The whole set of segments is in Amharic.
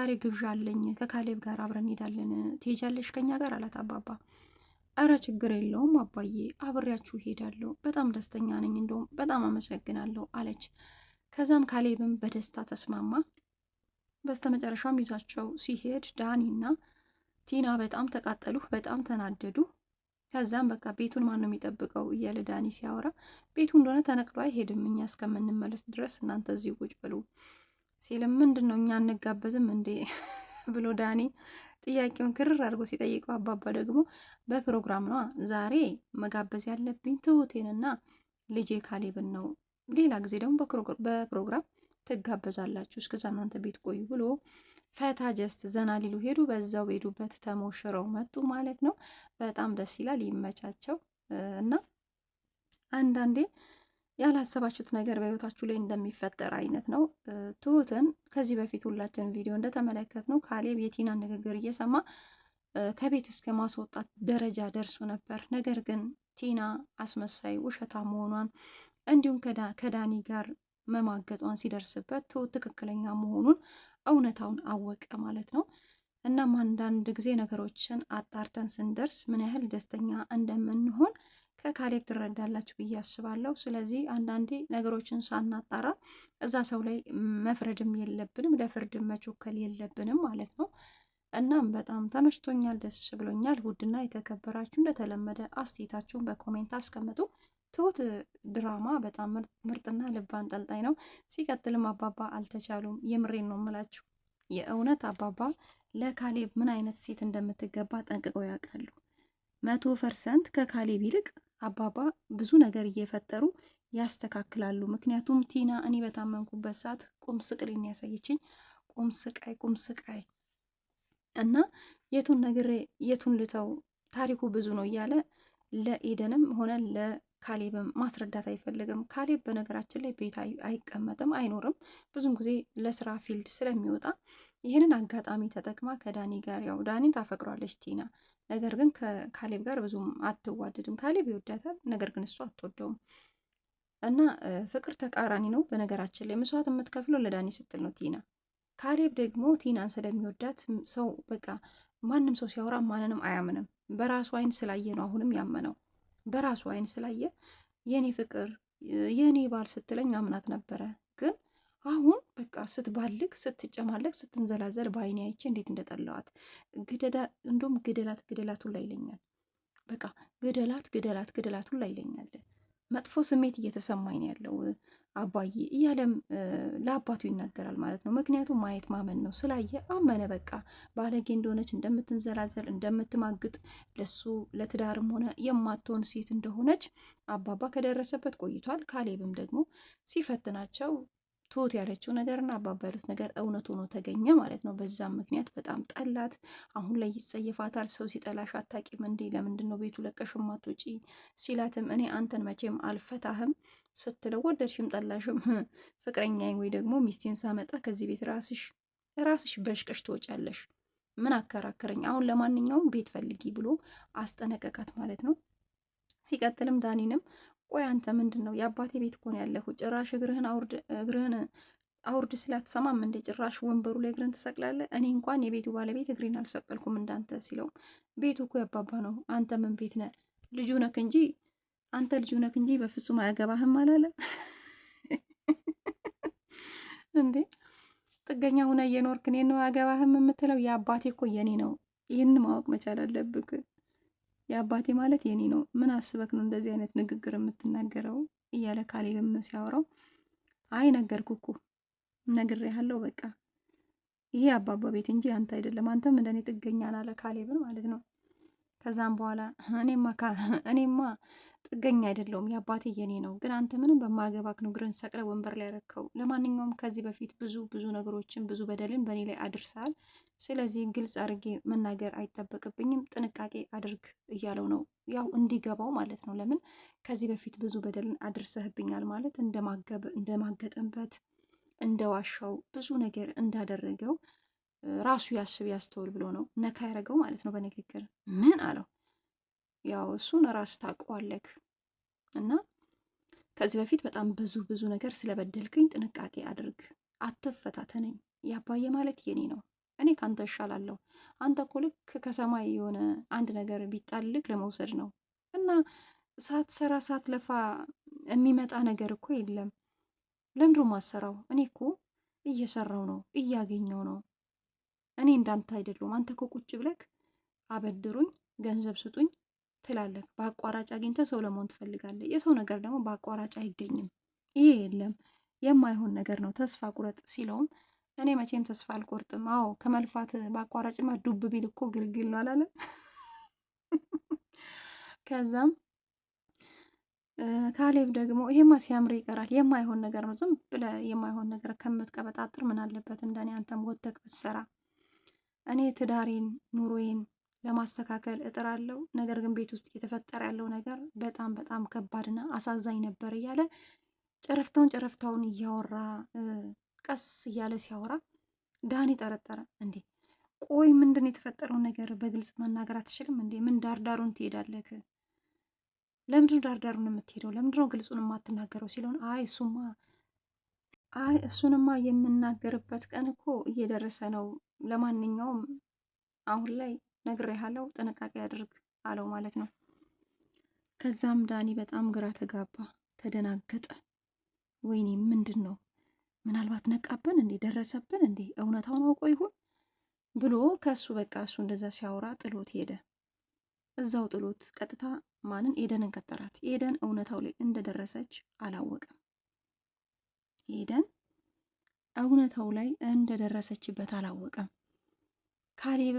ዛሬ ግብዣ አለኝ ከካሌብ ጋር አብረን እንሄዳለን፣ ትሄጃለሽ ከኛ ጋር አላት አባባ። እረ ችግር የለውም አባዬ፣ አብሬያችሁ እሄዳለሁ። በጣም ደስተኛ ነኝ፣ እንደውም በጣም አመሰግናለሁ አለች። ከዛም ካሌብም በደስታ ተስማማ። በስተመጨረሻም ይዛቸው ሲሄድ ዳኒና ቲና በጣም ተቃጠሉ፣ በጣም ተናደዱ። ከዛም በቃ ቤቱን ማን ነው የሚጠብቀው እያለ ዳኒ ሲያወራ ቤቱ እንደሆነ ተነቅሎ አይሄድም፣ እኛ እስከምንመለስ ድረስ እናንተ እዚህ ቁጭ ብሉ ሲልም ምንድን ነው እኛ አንጋበዝም እንዴ ብሎ ዳኒ ጥያቄውን ክርር አድርጎ ሲጠይቀው አባባ ደግሞ በፕሮግራም ነዋ ዛሬ መጋበዝ ያለብኝ ትሁቴንና ልጄ ካሌብን ነው። ሌላ ጊዜ ደግሞ በፕሮግራም ትጋበዛላችሁ። እስከዛ እናንተ ቤት ቆዩ ብሎ ፈታ ጀስት ዘና ሊሉ ሄዱ። በዛው ሄዱበት ተሞሽረው መጡ ማለት ነው። በጣም ደስ ይላል። ይመቻቸው እና አንዳንዴ ያላሰባችሁት ነገር በህይወታችሁ ላይ እንደሚፈጠር አይነት ነው። ትሁትን ከዚህ በፊት ሁላችን ቪዲዮ እንደተመለከት ነው ካሌብ የቲና ንግግር እየሰማ ከቤት እስከ ማስወጣት ደረጃ ደርሶ ነበር። ነገር ግን ቲና አስመሳይ ውሸታ መሆኗን እንዲሁም ከዳኒ ጋር መማገጧን ሲደርስበት ትሁት ትክክለኛ መሆኑን እውነታውን አወቀ ማለት ነው። እናም አንዳንድ ጊዜ ነገሮችን አጣርተን ስንደርስ ምን ያህል ደስተኛ እንደምንሆን ከካሌብ ትረዳላችሁ ብዬ አስባለሁ። ስለዚህ አንዳንዴ ነገሮችን ሳናጣራ እዛ ሰው ላይ መፍረድም የለብንም፣ ለፍርድም መቾከል የለብንም ማለት ነው። እናም በጣም ተመችቶኛል፣ ደስ ብሎኛል። ውድና የተከበራችሁ እንደተለመደ አስተያየታችሁን በኮሜንት አስቀምጡ። ትሁት ድራማ በጣም ምርጥና ልብ አንጠልጣይ ነው። ሲቀጥልም አባባ አልተቻሉም። የምሬን ነው የምላችሁ። የእውነት አባባ ለካሌብ ምን አይነት ሴት እንደምትገባ ጠንቅቀው ያውቃሉ። መቶ ፐርሰንት ከካሌብ ይልቅ አባባ ብዙ ነገር እየፈጠሩ ያስተካክላሉ። ምክንያቱም ቲና እኔ በታመንኩበት ሰዓት ቁም ስቅሌን ያሳየችኝ ቁም ስቃይ ቁም ስቃይ እና የቱን ነግሬ የቱን ልተው ታሪኩ ብዙ ነው እያለ ለኤደንም ሆነ ለካሌብም ማስረዳት አይፈልግም። ካሌብ በነገራችን ላይ ቤት አይቀመጥም፣ አይኖርም። ብዙን ጊዜ ለስራ ፊልድ ስለሚወጣ ይህንን አጋጣሚ ተጠቅማ ከዳኒ ጋር ያው ዳኒን ታፈቅሯለች ቲና ነገር ግን ከካሌብ ጋር ብዙም አትዋደድም። ካሌብ ይወዳታል፣ ነገር ግን እሱ አትወደውም። እና ፍቅር ተቃራኒ ነው። በነገራችን ላይ መስዋዕት የምትከፍለው ለዳኒ ስትል ነው ቲና። ካሌብ ደግሞ ቲናን ስለሚወዳት ሰው በቃ ማንም ሰው ሲያወራ ማንንም አያምንም። በራሱ አይን ስላየ ነው አሁንም ያመነው። በራሱ አይን ስላየ የኔ ፍቅር የኔ ባል ስትለኝ አምናት ነበረ ግን አሁን በቃ ስትባልግ ስትጨማለቅ ስትንዘላዘል በአይኔ አይቼ እንዴት እንደጠላዋት ግደዳ እንዲሁም ግደላት ግደላት ሁላ ይለኛል። በቃ ግደላት ግደላት ግደላት ሁላ ይለኛል። መጥፎ ስሜት እየተሰማኝ ያለው አባዬ እያለም ለአባቱ ይናገራል ማለት ነው። ምክንያቱም ማየት ማመን ነው። ስላየ አመነ። በቃ ባለጌ እንደሆነች እንደምትንዘላዘል፣ እንደምትማግጥ ለሱ ለትዳርም ሆነ የማትሆን ሴት እንደሆነች አባባ ከደረሰበት ቆይቷል። ካሌብም ደግሞ ሲፈትናቸው ትሁት ያለችው ነገርና አባባ ያሉት ነገር እውነት ሆኖ ተገኘ ማለት ነው። በዛም ምክንያት በጣም ጠላት። አሁን ላይ ይጸየፋታል። ሰው ሲጠላሽ አታቂም እንዴ? ለምንድን ነው ቤቱ ለቀሽም አትወጪ? ሲላትም እኔ አንተን መቼም አልፈታህም ስትለው ወደድሽም ጠላሽም ፍቅረኛ ወይ ደግሞ ሚስቴን ሳመጣ ከዚህ ቤት ራስሽ ራስሽ በሽቀሽ ትወጫለሽ። ምን አከራከረኝ? አሁን ለማንኛውም ቤት ፈልጊ ብሎ አስጠነቀቃት ማለት ነው። ሲቀጥልም ዳኒንም ቆይ አንተ ምንድን ነው የአባቴ ቤት እኮ ነው ያለሁ። ጭራሽ እግርህን አውርድ እግርህን አውርድ ስላትሰማም እንደ ጭራሽ ወንበሩ ላይ እግርን ትሰቅላለህ። እኔ እንኳን የቤቱ ባለቤት እግሬን አልሰቀልኩም እንዳንተ ሲለው፣ ቤቱ እኮ ያባባ ነው። አንተ ምን ቤት ነህ? ልጁ ነክ እንጂ አንተ ልጁ ነክ እንጂ በፍጹም አያገባህም አላለ እንዴ? ጥገኛ ሁነ እየኖርክ እኔን ነው አያገባህም የምትለው? የአባቴ እኮ የኔ ነው። ይህን ማወቅ መቻል አለብህ። የአባቴ ማለት የኔ ነው። ምን አስበክ ነው እንደዚህ አይነት ንግግር የምትናገረው? እያለ ካሌብም ሲያወራው አይ ነገርኩ እኮ ነግሬሃለሁ። በቃ ይሄ አባባ ቤት እንጂ አንተ አይደለም። አንተም እንደኔ ጥገኛ ናለ ካሌብን ማለት ነው። ከዛም በኋላ እኔማ እኔማ ጥገኛ አይደለውም፣ የአባቴ የኔ ነው። ግን አንተ ምንም በማገባክ ነው እግርን ሰቅለ ወንበር ላይ ያረከው። ለማንኛውም ከዚህ በፊት ብዙ ብዙ ነገሮችን ብዙ በደልን በእኔ ላይ አድርሰሃል። ስለዚህ ግልጽ አድርጌ መናገር አይጠበቅብኝም፣ ጥንቃቄ አድርግ እያለው ነው። ያው እንዲገባው ማለት ነው። ለምን ከዚህ በፊት ብዙ በደልን አድርሰህብኛል ማለት እንደማገጠበት፣ እንደዋሻው፣ ብዙ ነገር እንዳደረገው ራሱ ያስብ ያስተውል ብሎ ነው ነካ ያደረገው ማለት ነው በንግግር ምን አለው ያው እሱን ራስ ታውቀዋለህ እና ከዚህ በፊት በጣም ብዙ ብዙ ነገር ስለበደልክኝ ጥንቃቄ አድርግ፣ አትፈታተነኝ። ያባየ ማለት የኔ ነው፣ እኔ ካንተ እሻላለሁ። አንተ እኮ ልክ ከሰማይ የሆነ አንድ ነገር ቢጣልቅ ለመውሰድ ነው እና ሳትሰራ ሳትለፋ የሚመጣ ነገር እኮ የለም። ለምንድን ማሰራው? እኔ እኮ እየሰራው ነው፣ እያገኘው ነው። እኔ እንዳንተ አይደለሁም። አንተ እኮ ቁጭ ብለክ አበድሩኝ፣ ገንዘብ ስጡኝ፣ ትላለህ። በአቋራጭ አግኝተህ ሰው ለመሆን ትፈልጋለህ። የሰው ነገር ደግሞ በአቋራጭ አይገኝም። ይሄ የለም የማይሆን ነገር ነው። ተስፋ ቁረጥ ሲለውም እኔ መቼም ተስፋ አልቆርጥም። አዎ ከመልፋት በአቋራጭማ ዱብ ቢል እኮ ግልግል ነው አላለም። ከዛም ካሌብ ደግሞ ይሄማ ሲያምር ይቀራል። የማይሆን ነገር ነው። ዝም ብለህ የማይሆን ነገር ከምትቀበጣጥር ምን አለበት? እንደኔ አንተም ወተክ ብትሰራ። እኔ ትዳሬን ኑሮዬን ለማስተካከል እጥራለሁ፣ ነገር ግን ቤት ውስጥ እየተፈጠረ ያለው ነገር በጣም በጣም ከባድና አሳዛኝ ነበር እያለ ጨረፍታውን ጨረፍታውን እያወራ ቀስ እያለ ሲያወራ ዳኒ ጠረጠረ። እንዴ ቆይ ምንድን ነው የተፈጠረው ነገር በግልጽ መናገር አትችልም እንዴ? ምን ዳርዳሩን ትሄዳለህ? ለምንድነው ዳርዳሩን የምትሄደው? ለምንድነው ግልጹን የማትናገረው? ሲለሆን አይ እሱማ አይ እሱንማ የምናገርበት ቀን እኮ እየደረሰ ነው። ለማንኛውም አሁን ላይ ነግሬሃለሁ፣ ጥንቃቄ አድርግ አለው ማለት ነው። ከዛም ዳኒ በጣም ግራ ተጋባ፣ ተደናገጠ። ወይኔ ምንድን ነው? ምናልባት ነቃብን እንዴ? ደረሰብን እንዴ? እውነታውን አውቆ ይሆን ብሎ ከእሱ በቃ እሱ እንደዛ ሲያወራ ጥሎት ሄደ። እዛው ጥሎት ቀጥታ ማንን ኤደንን ቀጠራት። ኤደን እውነታው ላይ እንደደረሰች አላወቀም። ኤደን እውነታው ላይ እንደደረሰችበት አላወቀም። ካሌብ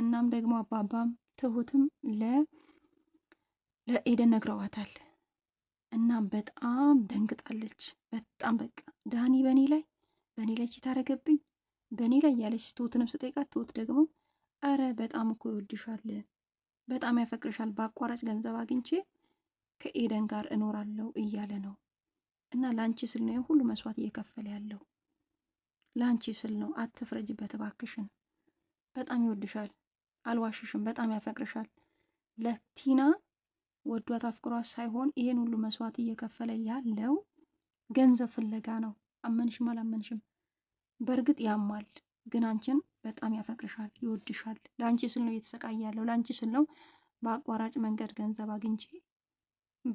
እናም ደግሞ አባባም ትሁትም ለኤደን ነግረዋታል። እናም በጣም ደንግጣለች። በጣም በቃ ዳኒ በእኔ ላይ በእኔ ላይ ታረገብኝ በእኔ ላይ ያለች ትሁትንም ስጠይቃት ትሁት ደግሞ አረ በጣም እኮ ይወድሻል፣ በጣም ያፈቅርሻል። በአቋራጭ ገንዘብ አግኝቼ ከኤደን ጋር እኖራለሁ እያለ ነው እና ለአንቺ ስል ነው ሁሉ መስዋዕት እየከፈለ ያለው ለአንቺ ስል ነው። አትፍረጅበት እባክሽን፣ በጣም ይወድሻል አልዋሽሽም፣ በጣም ያፈቅርሻል። ለቲና ወዷት አፍቅሯት ሳይሆን ይሄን ሁሉ መስዋዕት እየከፈለ ያለው ገንዘብ ፍለጋ ነው። አመንሽም አላመንሽም፣ በእርግጥ ያማል፣ ግን አንቺን በጣም ያፈቅርሻል፣ ይወድሻል። ለአንቺ ስል ነው እየተሰቃየ ያለው። ለአንቺ ስል ነው በአቋራጭ መንገድ ገንዘብ አግኝቼ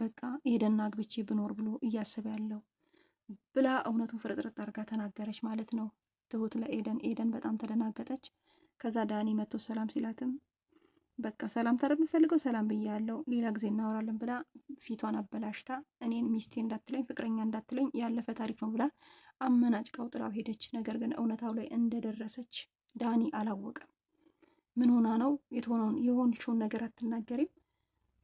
በቃ ሄደና አግብቼ ብኖር ብሎ እያስብ ያለው ብላ እውነቱን ፍርጥርጥ አድርጋ ተናገረች ማለት ነው ትሁት ለኤደን። ኤደን በጣም ተደናገጠች። ከዛ ዳኒ መቶ ሰላም ሲላትም በቃ ሰላም ታረብ የምፈልገው ሰላም ብያለው፣ ሌላ ጊዜ እናወራለን ብላ ፊቷን አበላሽታ እኔን ሚስቴ እንዳትለኝ ፍቅረኛ እንዳትለኝ ያለፈ ታሪክ ነው ብላ አመናጭቃው ጥላው ሄደች። ነገር ግን እውነታው ላይ እንደደረሰች ዳኒ አላወቀም። ምን ሆና ነው የሆንሽውን ነገር አትናገሪም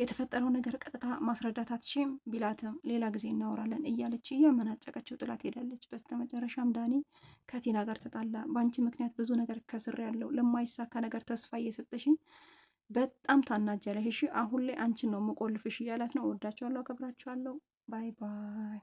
የተፈጠረው ነገር ቀጥታ ማስረዳት አትችም ቢላትም ሌላ ጊዜ እናወራለን እያለች እያመናጨቀችው ጥላት ሄዳለች። በስተመጨረሻም ዳኒ ከቲና ጋር ተጣላ። በአንቺ ምክንያት ብዙ ነገር ከስር ያለው ለማይሳካ ነገር ተስፋ እየሰጠሽኝ በጣም ታናጀለሽ። እሺ አሁን ላይ አንቺን ነው ምቆልፍሽ እያላት ነው። ወዳችኋለሁ፣ አከብራችኋለሁ። ባይ ባይ